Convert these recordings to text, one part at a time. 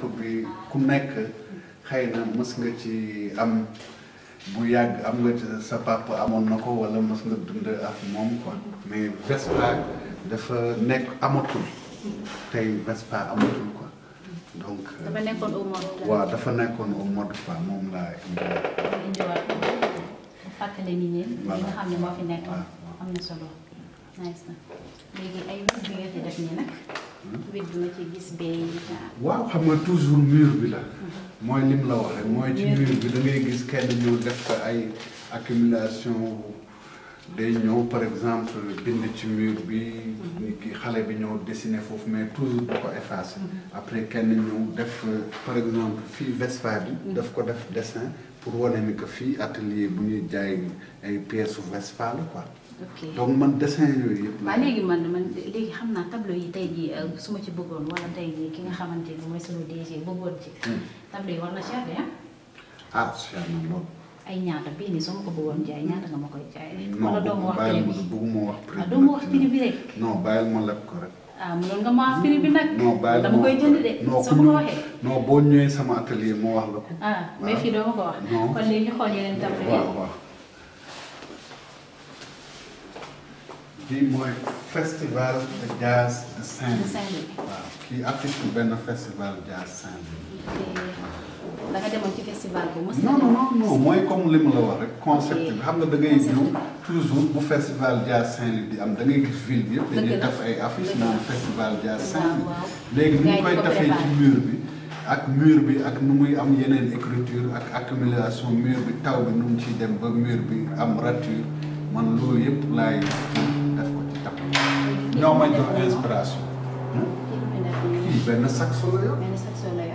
couple bi ku nekk xëy na nga ci am bu yag am nga ci sa papa amoon na ko wala mës nga dund ak mom quoi mais Vespa dafa nek amatul tay Vespa amatul quoi donc. Euh, dafa nekkoon au mode. waaw dafa nekkoon au mode quoi moom laa indiwaat. indiwaat fàttali nit ñi. voilà nga xam ne moo fi nekkoon. am na solo. nice na léegi ay bés bi nga fi def ni nak oui, je ci je toujours mur bi la. Mhm. lim la suis toujours mur Je da ngay gis Je accumulation par exemple bind ci mur Je mhm. suis toujours bi dessiner toujours après quand def par exemple Je suis bi. Mhm. daf ko pour wane ni atelier bu quoi. donc man dessin yooyu yëpp. waaw léegi man man léegi xam naa tableau yi tey jii euh, su ma ci bëggoon wala tey jii ki nga xamante ni mooy sunu DG bëggoon ci. Hmm. tableau yi war na cher de ah. ah ñaata bii nii ma ko bëggoon jaay ñaata nga ma wax prix ah, bi non wax ma wax prix bi rek. non ma ko rek. ah mënoon nga ma wax dama koy jënd de. soo ko waxee non boo ñëwee sama atelier moo wax la ko. ah fii doo ko wax. non kon ñu xool yeneen tableau yi. kii mooy festival de jazz de Saint-Louis. waaw kii artiste benn festival jazz Saint-Louis. da nga demoon mooy comme li mu la wax rek concept bi xam nga da ngay ñëw toujours bu festival jazz Saint-Louis di am da gis ville yëpp dañuy def ay affiches naan festival jazz Saint-Louis. ni ñu koy defee ci mur bi. ak mur bi ak nu muy am yeneen écriture ak accumulation mur bi taw bi nu mu ci dem ba mur bi am rature man loolu yëpp laay. No aumento tá. hum, é? é de peso para ácido. Y ven a saxoleo. ok a saxoleo.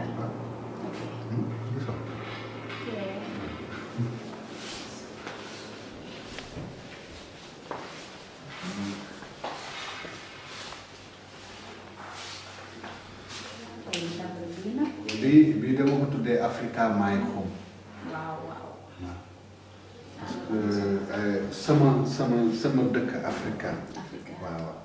We, we developed to the Africa my home. Wow, wow. Uh, uh, summer, summer, summer Africa. Africa. Wow.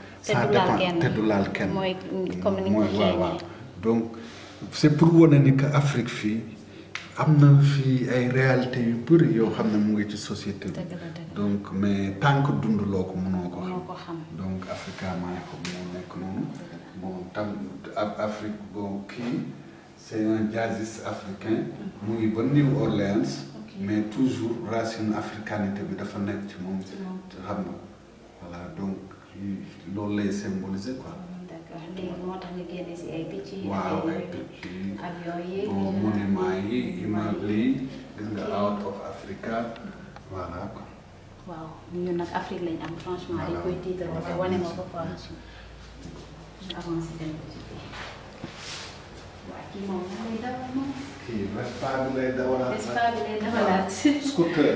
te du laal kenn te du comme donc c'est est pour wane que Afrique fi amna fi ay réalité yu bëri yoo xam ne ngi ci société donc mais tant que dund loko ko ko xam. donc Africa maa ko mo nek noonu. bon tam Afrique bon ki c'est un jazziste africain. Mm-hmm. mu ngi ba New Orleans. mais toujours racine africanité bi dafa nek ci mom xam voilà donc. loolu lay symboliser quoi. d'accord léegi moo tax nga génne si ay picc yi. waaw ay picc yi ak yooyu. bon monument yi immeuble yi gis nga out of Africa voilà quoi. waaw ñun nag Afrique lañ am franchement dañ koy tiital wala wane ma ko quoi. ñu avancé dem ba ci waaw kii moom lan lay dawal moom. kii Vespa bi lay dawalaat. Vespa bi lay dawalaat. scooter.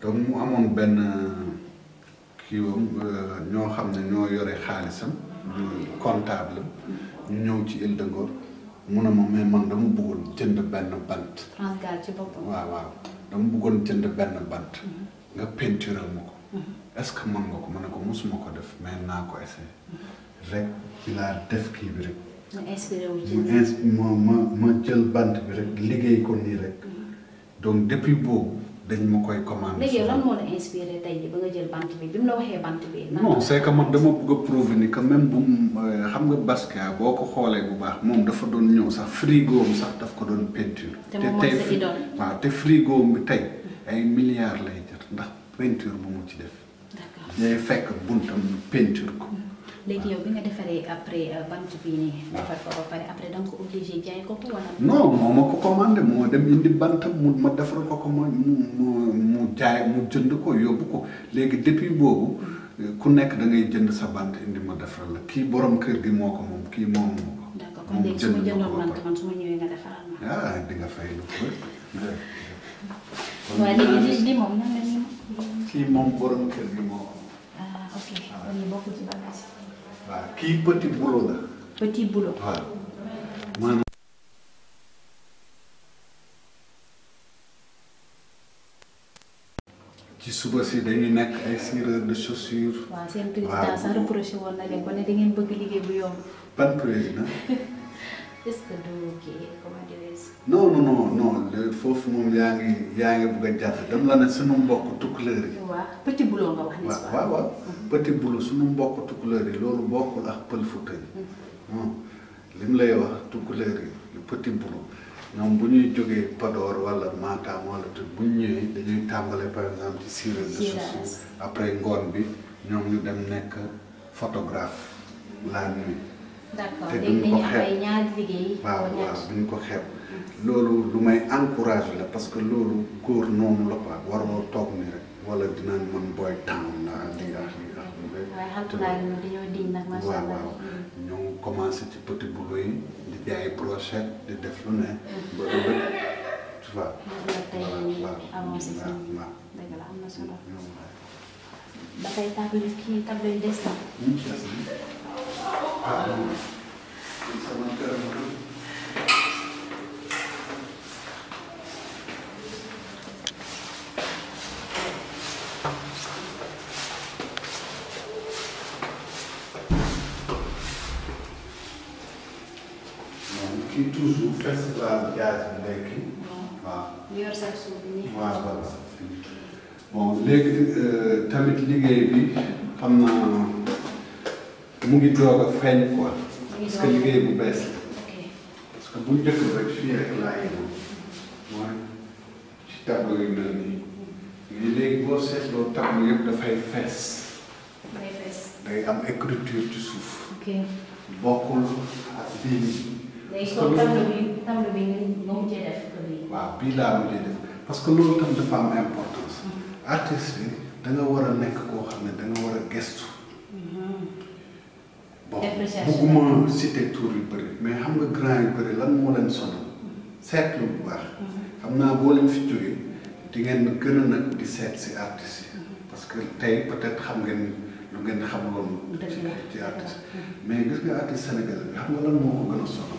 donc mu amoon benn euh, kiiwam euh, ñoo xam ne ñoo yore xaalisam ñu comptable ñu ñëw ci Île de Ngor mu ne ma mais man dama bëggoon jënd benn bant Transgal ci mm-hmm. nga peintural ma ko mm-hmm. est-ce que mën nga ko ma ne ko mosuma ko def mais naa ko essayé mm-hmm. rek ci laa def kii bi rek mu inspiré wu ma ma ma jël bant bi rek liggéey ko nii rek donc depuis boobu dañ ma koy commandé. la inspiré tey jii ba nga jël bant bi bi mu la waxee bant bi. non c' man dama bëgg a prouver que même bu euh, xam nga Basquiat boo ko xoolee bu baax moom dafa doon ñëw sax frigo am sax daf ko doon peinture. te tey waaw te frigo mu tey mm-hmm. ay milliards lay jot ndax peinture bu mu ci def. day fekk buntam peinture ko. Mm-hmm. léegi yow bi nga defaree après euh, bant bi nii ah. defar ko ba pare après da nga ko obligé jaay ko ko wala. non moo ma ko mu ma defar ko ko ma mu mu jaay mu jënd ko yóbbu ko léegi depuis boobu mm. euh, ku nekk da ngay jënd sa bant indi ma defaral la kii borom kër gi moo ko kii moo ko. d'accord kon su ma jëndoon bant man su ma ñëwee ah, ko. kii moom borom kër gi moo ko. Ah, ok waaw kii petit boulot la. petit boulot waaw maanaam. ci suba si dañuy nekk ay cireur de chaussure. waaw seen président woon na leen ko ne da ngeen bëgg liggéey bu yomb. ban président. est-ce que du foofu moom yaa ngi yaa ngi bëgg a jàpp dama la ne sunu mbokk tukkuleer yi. petit boulot nga waaw waaw mm-hmm. petit boulot suñu mbokk tukkuleer yi loolu bokkul ak pël Fuuta mm-hmm. lim lay wax tukkuleer yi petit boulot ñoom bu ñuy jógee Padoor wala Matam wala te bu ñu dañuy tàmbale par exemple ci Siré de Soussou après ngoon bi ñoom ñu dem nekk photographe la nuit. d'accord léegi dañuy am waaw waaw duñ ko xeeb mm-hmm. loolu lu encourage encouragé la parce que loolu góor noonu la quoi waroo toog nii rek. wala dinaan man booy town naa lii ak lii ak lii. waaye xam naa ne dañoo diñ nag macha allah waaw waaw ñoo commencé ci petit boulot yi di jaay brochette di def lu ne. ba ëllëg tu vois. avancé ci waaw dëgg la am kii table yi des na. toujours festival jazz bi nekk. waaw ñu yor saxo bon léegi euh, tamit liggéey bi xam naa mu ngi doog a feeñ quoi. parce que liggéey bu bees la. parce que bu njëkk rek fii rek laa yemoon mooy ci tableau yu mel nii. mais hmm. léegi boo seetloo am écriture léegi bi tableau bi waaw bii laa mujjee def parce que loolu tam dafa am importance. artiste bi da war a nekk koo xam ne da war a gestu. bon bëgguma cité yu bëri mais xam nga grand yu bëri lan moo leen sonal seetlu bu baax. xam naa boo leen fi jógee di gën a nag di seet si artistes yi. parce que tey peut-être xam ngeen lu ngeen xamuloon. ci ci mais gis nga artiste Sénégal bi xam nga lan moo ko gën a sonal.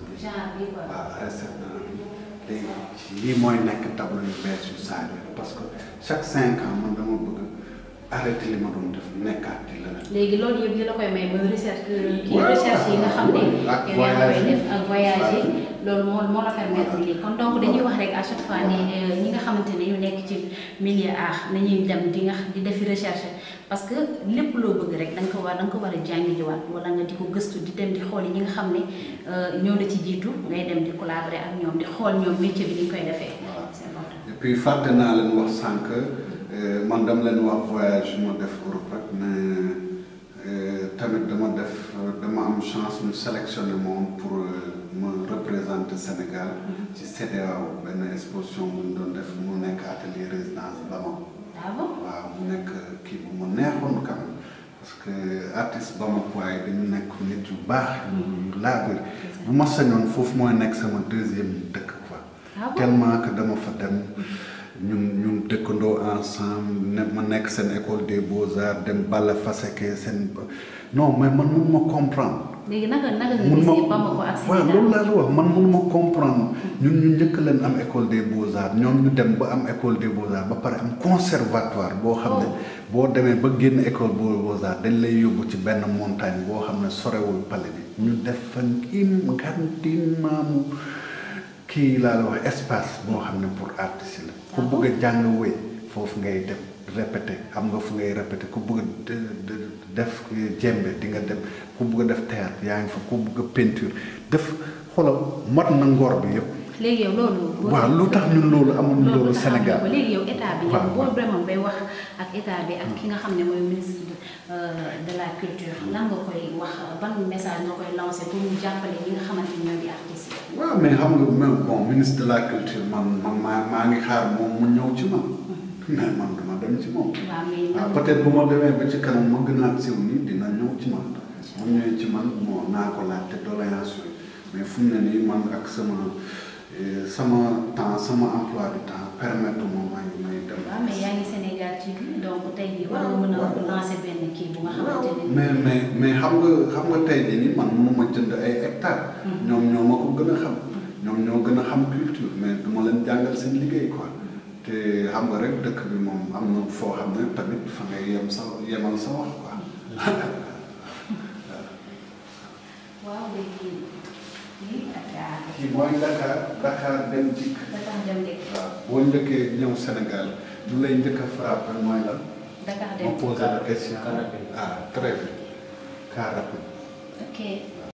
genre ah, bi quoi. waaw léegi lii mooy nekk tableau yu bees yu Sadio parce que chaque cinq ans man dama bëgg arrêté li ma doon def nekkaat di leneen. léegi loolu yëpp dina koy may ba recherche kii recherche yi nga xam ne. ak voyage yi ak voyage loolu moo la permettre lii kon donc dañuy wax rek à chaque fois ni xamante ne ñu nekk ci milieu art nañuy dem di nga di defi recherche parce que lépp loo bëgg rek da ko war da ko war a jàngi jiwaat wala nga di ko gëstu di dem di xool ñi nga xam ne euh, ñoo la ci jiitu ngay dem di collaborer ak ñoom di xool ñoom métier bi ni ñu koy defee. et puis fàtte naa leen wax sànq euh, man dama leen wax voyage moo def Europe rek tamit dama def dama am chance ñu sélectionné moom pour euh, me représenter Sénégal mm-hmm. ci CEDEAO benn exposition bu ñu doon def mu nekk atelier résidence Bamako ah waaw mu nekk kii bu ma neexoon quand même parce que artiste Bama waaye dañu nekk nit yu baax yu mm-hmm. laabir bu ma sañoon foofu mooy nekk sama deuxième dëkk quoi ah tellement que dama fa dem mm-hmm. dëkkandoo ensemble ne ma nekk seen école des beaux dem dem Balla Faseke seen non mais man mun ma comprendre. léegi naka loolu laa la wax man mun ma comprendre ñun ñu njëkk leen am école des beaux ñoom ñu dem ba am école des beaux ba pare am conservatoire boo xam ne. Oh. boo demee ba génn école des beaux dañ lay yóbbu ci benn montagne boo xam ne sorewul palais bi ñu def fa im ganti kii laa la wax espace boo xam ne pour artiste la ku ah bëgg a jàng wéy foofu ngay dem répété xam nga fu ngay répété ku bëgg a def jembe di nga dem ku bëgg a def théâtre yaa ngi fa ku bëgg a peinture def xoolal mat na ngor bi yëpp léegi yow loolu. waaw lu tax ñun loolu amuñu loolu Sénégal loolu léegi yow état bi. waaw boo demoon bay wax ak état bi ak ki nga xam ne mooy ministre de euh, la culture lan nga koy wax ban message nga koy lancer pour xam nga même bon ministre la culture man man mm-hmm. dem ci moom. waaw ah, peut-être bu ma demee ba ci kanam ma gën a siiw nii dina ñëw ci man. mu ñëwee ci man moo naa ko laajte doléance mais fu ne nii man ak sama. sama temps sama emploi du temps permettre moom maa ngi may dem. waaw mais nga xam nga xam nga tey jii nii man mënuma jënd ay hectares. Hmm. ñoom ñoo ma ko gën a xam. Hmm. ñoom ñoo gën a xam culture mais du ma leen jàngal seen liggéey quoi. Hmm. te xam nga rek dëkk bi moom am na foo xam ne tamit fa ngay yem sa yemal sa wax quoi. kii mooy Dakar Dakar dem dikk. waaw boo njëkkee ñëw Sénégal du lay njëkk a frappé mooy lan. Dakar dem dikk ma posé la question ah très bien. car